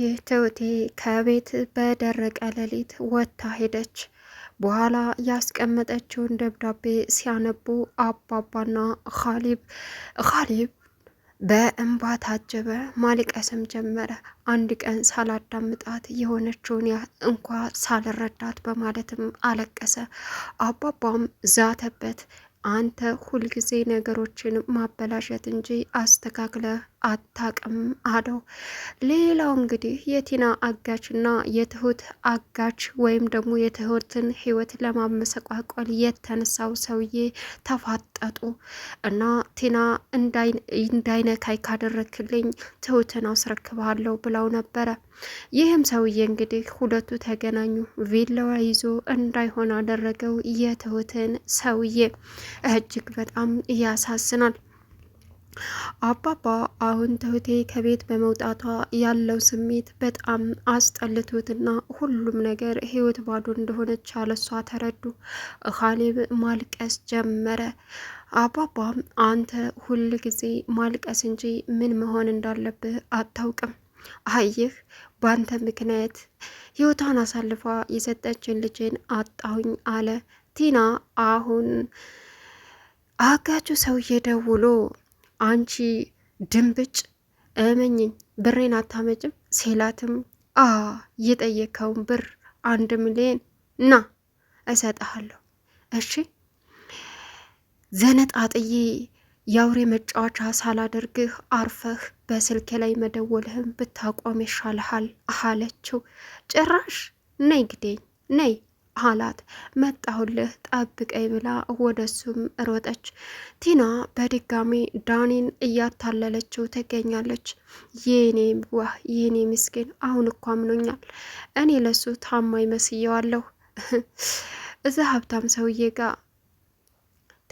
እንግዲህ ትሁቴ ከቤት በደረቀ ሌሊት ወጥታ ሄደች። በኋላ ያስቀመጠችውን ደብዳቤ ሲያነቡ አባባና ካሌብ ካሌብ በእንባ ታጀበ። ማልቀስም ጀመረ። አንድ ቀን ሳላዳምጣት የሆነችውን እንኳ ሳልረዳት በማለትም አለቀሰ። አባባም ዛተበት። አንተ ሁልጊዜ ነገሮችን ማበላሸት እንጂ አስተካክለ አታቅም አለው። ሌላው እንግዲህ የቲና አጋች እና የትሁት አጋች ወይም ደግሞ የትሁትን ህይወት ለማመሰቋቆል የተነሳው ሰውዬ ተፋጠጡ እና ቲና እንዳይነካይ ካደረክልኝ ትሁትን አስረክብሃለሁ ብለው ነበረ። ይህም ሰውዬ እንግዲህ ሁለቱ ተገናኙ። ቪላዋ ይዞ እንዳይሆን አደረገው የትሁትን ሰውዬ እጅግ በጣም ያሳዝናል። አባባ አሁን ትሁቴ ከቤት በመውጣቷ ያለው ስሜት በጣም አስጠልቶትና ሁሉም ነገር ህይወት ባዶ እንደሆነች አለሷ ተረዱ። ካሌብ ማልቀስ ጀመረ። አባባም አንተ ሁል ጊዜ ማልቀስ እንጂ ምን መሆን እንዳለብህ አታውቅም። አየህ በአንተ ምክንያት ህይወቷን አሳልፋ የሰጠችን ልጅን አጣሁኝ አለ ቲና። አሁን አጋቹ ሰውዬ ደውሎ አንቺ ድንብጭ እመኝኝ ብሬን አታመጭም ሲላትም አ የጠየከውን ብር አንድ ሚሊዮን ና እሰጥሃለሁ እሺ ዘነጣጥዬ የአውሬ መጫወቻ ሳላደርግህ አርፈህ በስልክ ላይ መደወልህም ብታቆም ይሻልሃል አለችው። ጭራሽ ነይ ግዴኝ ነይ አላት። መጣሁልህ ጠብቀኝ ብላ ወደ እሱም ሮጠች። ቲና በድጋሚ ዳኒን እያታለለችው ትገኛለች። የኔ ዋህ የኔ ምስኪን፣ አሁን እኮ አምኖኛል። እኔ ለሱ ታማኝ መስየዋለሁ። እዛ ሀብታም ሰውዬ ጋር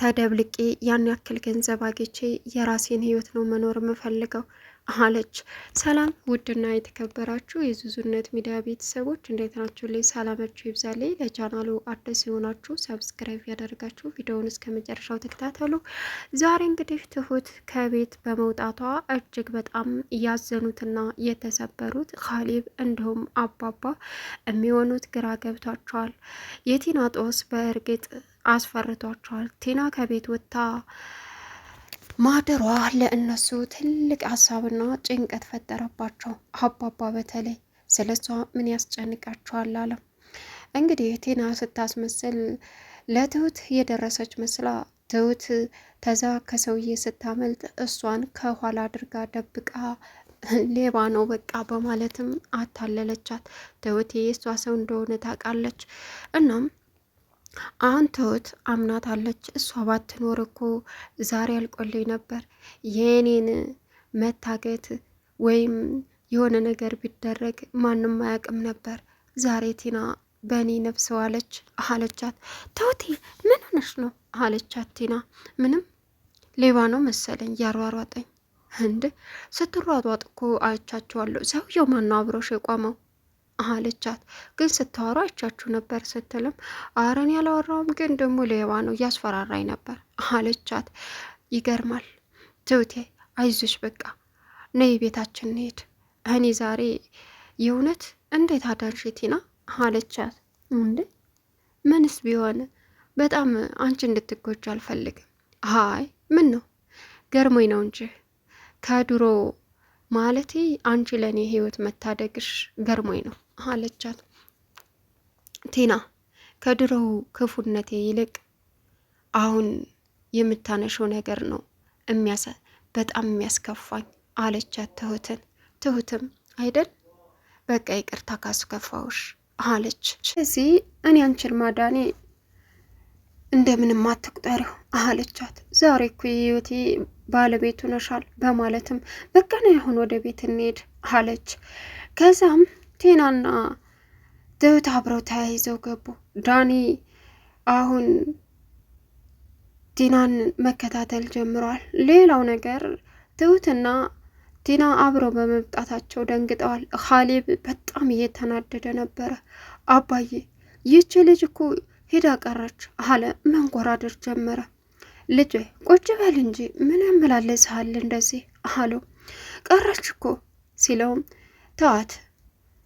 ተደብልቄ ያን ያክል ገንዘብ አግቼ የራሴን ህይወት ነው መኖር የምፈልገው አለች። ሰላም ውድና የተከበራችሁ የዙዙነት ሚዲያ ቤተሰቦች እንዴት ናችሁ? ላይ ሰላማችሁ ይብዛልኝ። ለቻናሉ አዲስ የሆናችሁ ሰብስክራይብ ያደርጋችሁ ቪዲዮውን እስከ መጨረሻው ተከታተሉ። ዛሬ እንግዲህ ትሁት ከቤት በመውጣቷ እጅግ በጣም ያዘኑትና የተሰበሩት ካሊብ እንዲሁም አባባ የሚሆኑት ግራ ገብቷቸዋል። የቲና ጦስ በእርግጥ አስፈርቷቸዋል። ቲና ከቤት ወጥታ ማደሯ ለእነሱ ትልቅ ሀሳብና ጭንቀት ፈጠረባቸው። አባባ በተለይ ስለ እሷ ምን ያስጨንቃቸዋል አለም። እንግዲህ ቴና ስታስመስል ለትሁት የደረሰች መስላ ትሁት ተዛ ከሰውዬ ስታመልጥ እሷን ከኋላ አድርጋ ደብቃ ሌባ ነው በቃ በማለትም አታለለቻት። ትሁት የእሷ ሰው እንደሆነ ታውቃለች። እናም አሁን ተውት፣ አምናታለች። እሷ ባትኖር እኮ ዛሬ አልቆልኝ ነበር። የእኔን መታገት ወይም የሆነ ነገር ቢደረግ ማንም አያውቅም ነበር። ዛሬ ቲና በእኔ ነፍሰዋለች አለቻት። ተውቴ ምን ሆነሽ ነው አለቻት ቲና። ምንም ሌባ ነው መሰለኝ ያሯሯጠኝ። እንድ ስትሯሯጥ እኮ አይቻችኋለሁ። ሰውየው ማነው አብሮሽ የቆመው? አለቻት። ግን ስታወሩ አይቻችሁ ነበር ስትልም አረን ያላወራውም ግን ደግሞ ሌባ ነው እያስፈራራኝ ነበር አለቻት። ይገርማል ትውቴ፣ አይዞሽ በቃ ነይ ቤታችን እንሄድ። እኔ ዛሬ የእውነት እንዴት አዳንሽ ቲና አለቻት። እንዴ ምንስ ቢሆን በጣም አንቺ እንድትጎጅ አልፈልግም። አይ ምን ነው ገርሞኝ ነው እንጂ ከድሮ ማለቴ አንቺ ለእኔ ህይወት መታደግሽ ገርሞኝ ነው። አለቻት። ቲና ከድሮው ክፉነቴ ይልቅ አሁን የምታነሺው ነገር ነው የሚያሳ በጣም የሚያስከፋኝ አለቻት ትሁትን። ትሁትም አይደል በቃ ይቅርታ ካስከፋውሽ አለች። እዚህ እኔ አንቺን ማዳኔ እንደምንም አትቁጠሪው አለቻት። ዛሬ እኮ የህይወቴ ባለቤቱ ነሻል በማለትም በቃ ነው ያሁን ወደ ቤት እንሄድ አለች። ከዛም ቲናና ትሁት አብረው ተያይዘው ገቡ። ዳኒ አሁን ቲናን መከታተል ጀምሯል። ሌላው ነገር ትሁትና ቲና አብረው በመምጣታቸው ደንግጠዋል። ካሌብ በጣም እየተናደደ ነበረ። አባዬ ይህች ልጅ እኮ ሄዳ ቀረች አለ። መንጎራደር ጀመረ። ልጄ ቁጭ በል እንጂ ምን ያመላለስሃል እንደዚህ አለው። ቀረች እኮ ሲለውም ተዋት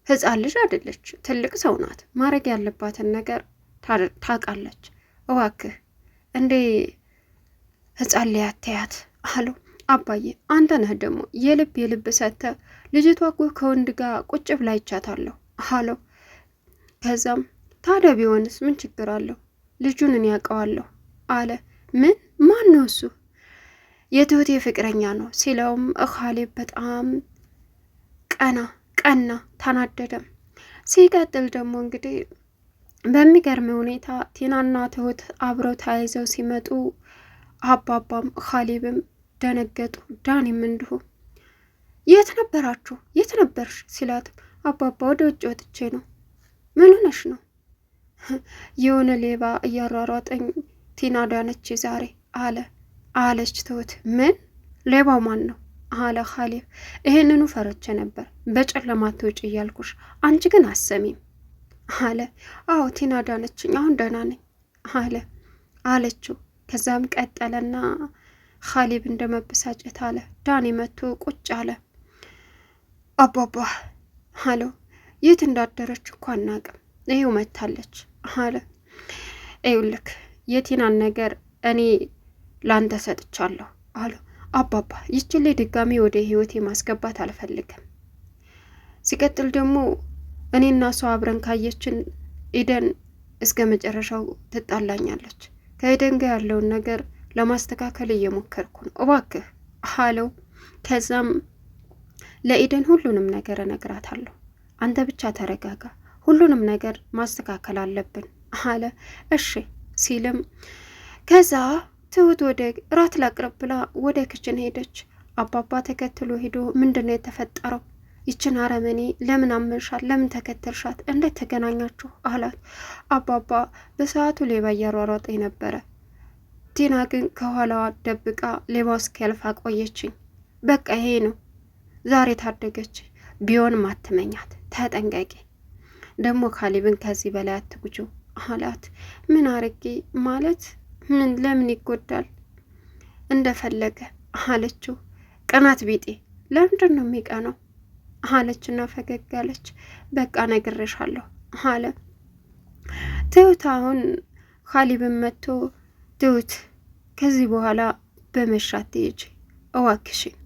ህፃን ልጅ አይደለች፣ ትልቅ ሰው ናት። ማድረግ ያለባትን ነገር ታውቃለች። እዋክህ እንዴ ህፃን ሊያተያት አትያት አለው። አባዬ አንተ ነህ ደግሞ የልብ የልብ ሰተ ልጅቷ እኮ ከወንድ ጋር ቁጭ ብላ ይቻታለሁ አለው። ከዛም ታዲያ ቢሆንስ ምን ችግር አለው? ልጁን እኔ ያውቀዋለሁ አለ። ምን ማን ነው እሱ? የትሁቴ ፍቅረኛ ነው ሲለውም እኻሌ በጣም ቀና ቀና፣ ተናደደም። ሲቀጥል ደግሞ እንግዲህ በሚገርም ሁኔታ ቲናና ትሁት አብረው ተያይዘው ሲመጡ አባባም ካሌብም ደነገጡ። ዳኒም እንዲሁ የት ነበራችሁ? የት ነበርሽ? ሲላትም አባባ ወደ ውጭ ወጥቼ ነው። ምን ሆነሽ ነው? የሆነ ሌባ እያሯሯጠኝ ቲና ዳነች ዛሬ አለ አለች ትሁት። ምን ሌባው ማን ነው? አለ ኻሊብ። ይህንኑ ፈረቸ ነበር፣ በጨለማ ትውጭ እያልኩሽ አንቺ ግን አሰሚም አለ። አዎ ቲና ዳነችኝ፣ አሁን ደህና ነኝ አለ አለችው። ከዛም ቀጠለና ኻሊብ እንደ መበሳጨት አለ። ዳኔ መቶ ቁጭ አለ። አባባ አለ። የት እንዳደረች እኮ አናቅም፣ ይኸው መታለች አለ። ይኸውልህ የቲናን ነገር እኔ ላንተ ሰጥቻለሁ አለው። አባባ ይችን ላይ ድጋሚ ወደ ህይወቴ ማስገባት አልፈልግም። ሲቀጥል ደግሞ እኔና እሷ አብረን ካየችን ኢደን እስከ መጨረሻው ትጣላኛለች። ከኢደን ጋር ያለውን ነገር ለማስተካከል እየሞከርኩ ነው፣ እባክህ አለው። ከዛም ለኢደን ሁሉንም ነገር እነግራታለሁ፣ አንተ ብቻ ተረጋጋ፣ ሁሉንም ነገር ማስተካከል አለብን አለ። እሺ ሲልም ከዛ ትሁት ወደ እራት ላቅርብ ብላ ወደ ክችን ሄደች። አባባ ተከትሎ ሄዶ ምንድን ነው የተፈጠረው? ይችን አረመኔ ለምን አመንሻት? ለምን ተከተልሻት? እንዴት ተገናኛችሁ? አላት። አባባ በሰዓቱ ሌባ እያሯሯጠ ነበረ። ቲና ግን ከኋላዋ ደብቃ ሌባ እስኪያልፍ አቆየችኝ። በቃ ይሄ ነው ዛሬ ታደገች። ቢሆን ማትመኛት? ተጠንቀቂ። ደግሞ ካሊብን ከዚህ በላይ አትጉጁ አላት። ምን አርጌ ማለት ምን ለምን ይጎዳል እንደፈለገ አለችው። ቅናት ቢጤ ለምንድን ነው የሚቀነው? አለችና ፈገግ አለች። በቃ ነግሬሻለሁ አለ ትሁት። አሁን ካሊብን መጥቶ ትሁት ከዚህ በኋላ በመሻት ትሄጂ እዋክሽን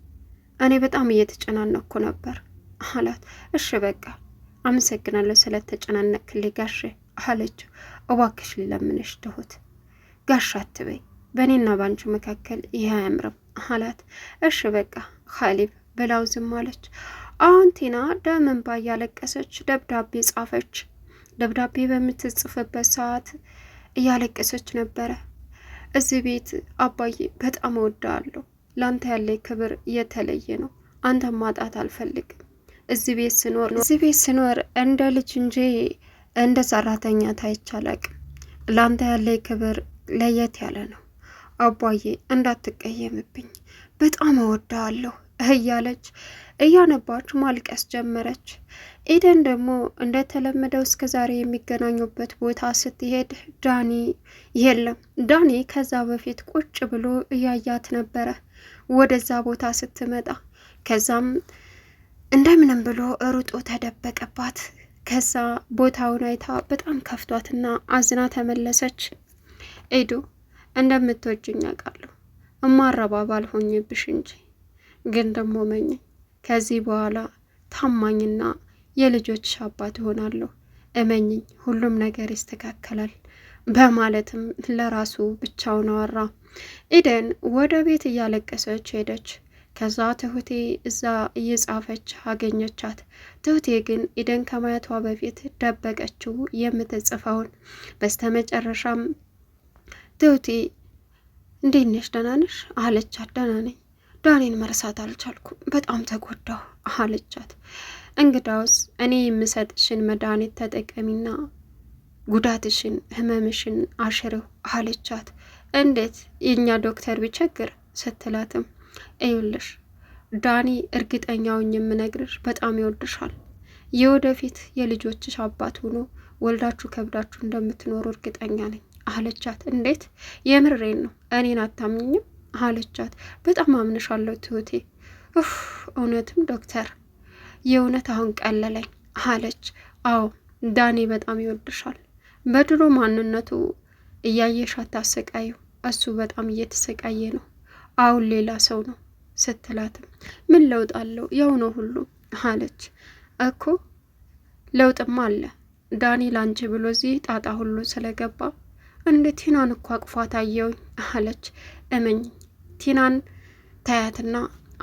እኔ በጣም እየተጨናነኩ ነበር አላት። እሺ በቃ አመሰግናለሁ ስለተጨናነቅልኝ ጋሼ አለችው። እባክሽ ልለምንሽ ትሁት ጋሽ አትበይ፣ በእኔና ባንቺ መካከል ይህ አያምርም አላት። እሺ በቃ ካሊብ ብላው ዝም አለች። አሁን ቲና ደም እንባ እያለቀሰች ደብዳቤ ጻፈች። ደብዳቤ በምትጽፍበት ሰዓት እያለቀሰች ነበረ። እዚህ ቤት አባዬ በጣም እወዳለሁ። ለአንተ ያለ ክብር የተለየ ነው። አንተ ማጣት አልፈልግም። እዚህ ቤት ስኖር እዚህ ቤት ስኖር እንደ ልጅ እንጂ እንደ ሰራተኛ ታይቻለቅ። ለአንተ ያለኝ ክብር ለየት ያለ ነው። አባዬ እንዳትቀየምብኝ በጣም እወዳለሁ እያለች እያነባች ማልቀስ ጀመረች። ኢደን ደግሞ እንደተለመደው እስከ ዛሬ የሚገናኙበት ቦታ ስትሄድ ዳኒ የለም። ዳኒ ከዛ በፊት ቁጭ ብሎ እያያት ነበረ ወደዛ ቦታ ስትመጣ። ከዛም እንደምንም ብሎ ሩጦ ተደበቀባት። ከዛ ቦታውን አይታ በጣም ከፍቷትና አዝና ተመለሰች። ኤዱ እንደምትወጅኝ አውቃለሁ። እማረባ ባልሆኝብሽ እንጂ ግን ደሞ መኝ ከዚህ በኋላ ታማኝና የልጆች አባት ይሆናለሁ። እመኝኝ፣ ሁሉም ነገር ይስተካከላል በማለትም ለራሱ ብቻውን አወራ። ኢደን ወደ ቤት እያለቀሰች ሄደች። ከዛ ትሁቴ እዛ እየጻፈች አገኘቻት። ትሁቴ ግን ኢደን ከማየቷ በፊት ደበቀችው የምትጽፈውን። በስተመጨረሻም ትሁቴ እንዴት ነሽ? ደህና ነሽ አለቻት። ደህና ነኝ፣ ዳኔን መርሳት አልቻልኩም፣ በጣም ተጎዳሁ አለቻት። እንግዳውስ እኔ የምሰጥሽን መድኃኒት ተጠቀሚና ጉዳትሽን፣ ህመምሽን አሽሬው አለቻት። እንዴት የእኛ ዶክተር ቢቸግር ስትላትም እዩልሽ ዳኒ እርግጠኛውን የምነግርሽ በጣም ይወድሻል። የወደፊት የልጆችሽ አባት ሆኖ ወልዳችሁ ከብዳችሁ እንደምትኖሩ እርግጠኛ ነኝ። አለቻት። እንዴት የምሬን ነው እኔን አታምኝም? አለቻት። በጣም አምንሻለሁ ትሁቴ። እውነትም ዶክተር የእውነት አሁን ቀለለኝ አለች። አዎ ዳኔ በጣም ይወድሻል። በድሮ ማንነቱ እያየሽ አታሰቃዩ። እሱ በጣም እየተሰቃየ ነው። አሁን ሌላ ሰው ነው ስትላትም ምን ለውጥ አለው? ያው ነው ሁሉ አለች። እኮ ለውጥም አለ ዳኒ ላንቺ ብሎ እዚህ ጣጣ ሁሉ ስለገባ እንደ ቲናን እኮ አቅፏት አየውኝ አለች። እመኝ ቲናን ታያትና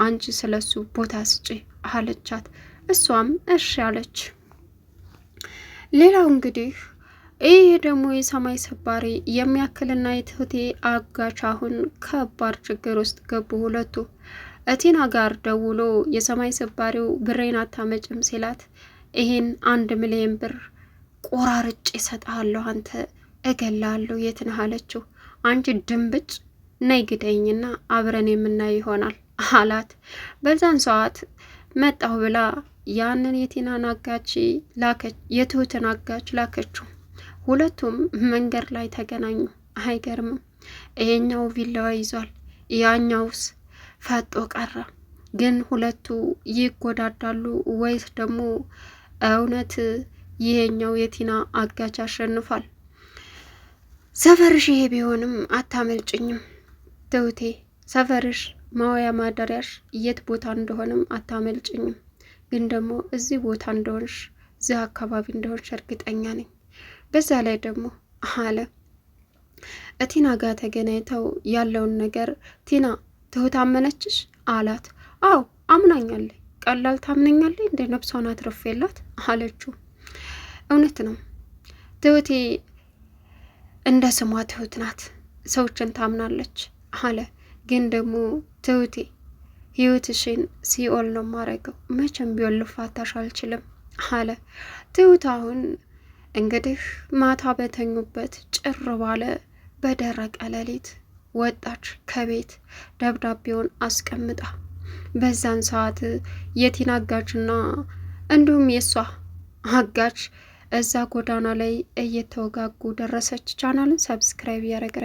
አንቺ ስለሱ ቦታ ስጪ አለቻት። እሷም እሺ አለች። ሌላው እንግዲህ ይህ ደግሞ የሰማይ ሰባሪ የሚያክልና የትሁቴ አጋች አሁን ከባድ ችግር ውስጥ ገቡ ሁለቱ። እቲና ጋር ደውሎ የሰማይ ሰባሪው ብሬን አታመጭም ሲላት ይሄን አንድ ሚሊዮን ብር ቆራርጭ እሰጥሃለሁ አንተ እገላለሁ። የት ነህ አለችው። አንቺ ድንብጭ ነይ ግደኝና አብረን የምናይ ይሆናል አላት። በዛን ሰዓት መጣሁ ብላ ያንን የቴናን አጋች ላከች፣ የትሁትን አጋች ላከችው። ሁለቱም መንገድ ላይ ተገናኙ። አይገርምም? ይሄኛው ቪላዋ ይዟል፣ ያኛውስ ፈጦ ቀረ። ግን ሁለቱ ይጎዳዳሉ ወይስ ደግሞ እውነት ይሄኛው የቲና አጋች አሸንፏል? ሰፈርሽ ይሄ ቢሆንም አታመልጭኝም ትሁቴ። ሰፈርሽ ማወያ ማደሪያሽ የት ቦታ እንደሆነም አታመልጭኝም። ግን ደግሞ እዚህ ቦታ እንደሆንሽ እዚህ አካባቢ እንደሆንሽ እርግጠኛ ነኝ። በዛ ላይ ደግሞ አለ እቲና ጋር ተገናኝተው ያለውን ነገር ቲና ትሁት አመነችሽ አላት። አዎ አምናኛለች። ቀላል ታምነኛለች እንደ ነብሷን የላት አለችው። እውነት ነው ትሁቴ እንደ ስሟ ትሁት ናት፣ ሰዎችን ታምናለች አለ። ግን ደግሞ ትሁቴ ህይወትሽን ሲኦል ነው ማረገው፣ መቼም ቢሆን ልፋታሽ አልችልም አለ። ትሁት አሁን እንግዲህ ማታ በተኙበት ጭር ባለ በደረቀ ሌሊት ወጣች ከቤት ደብዳቤውን አስቀምጣ። በዛን ሰዓት የቲና አጋጅና እንዲሁም የእሷ አጋጅ እዛ ጎዳና ላይ እየተወጋጉ ደረሰች። ቻናልን ሰብስክራይብ ያረገ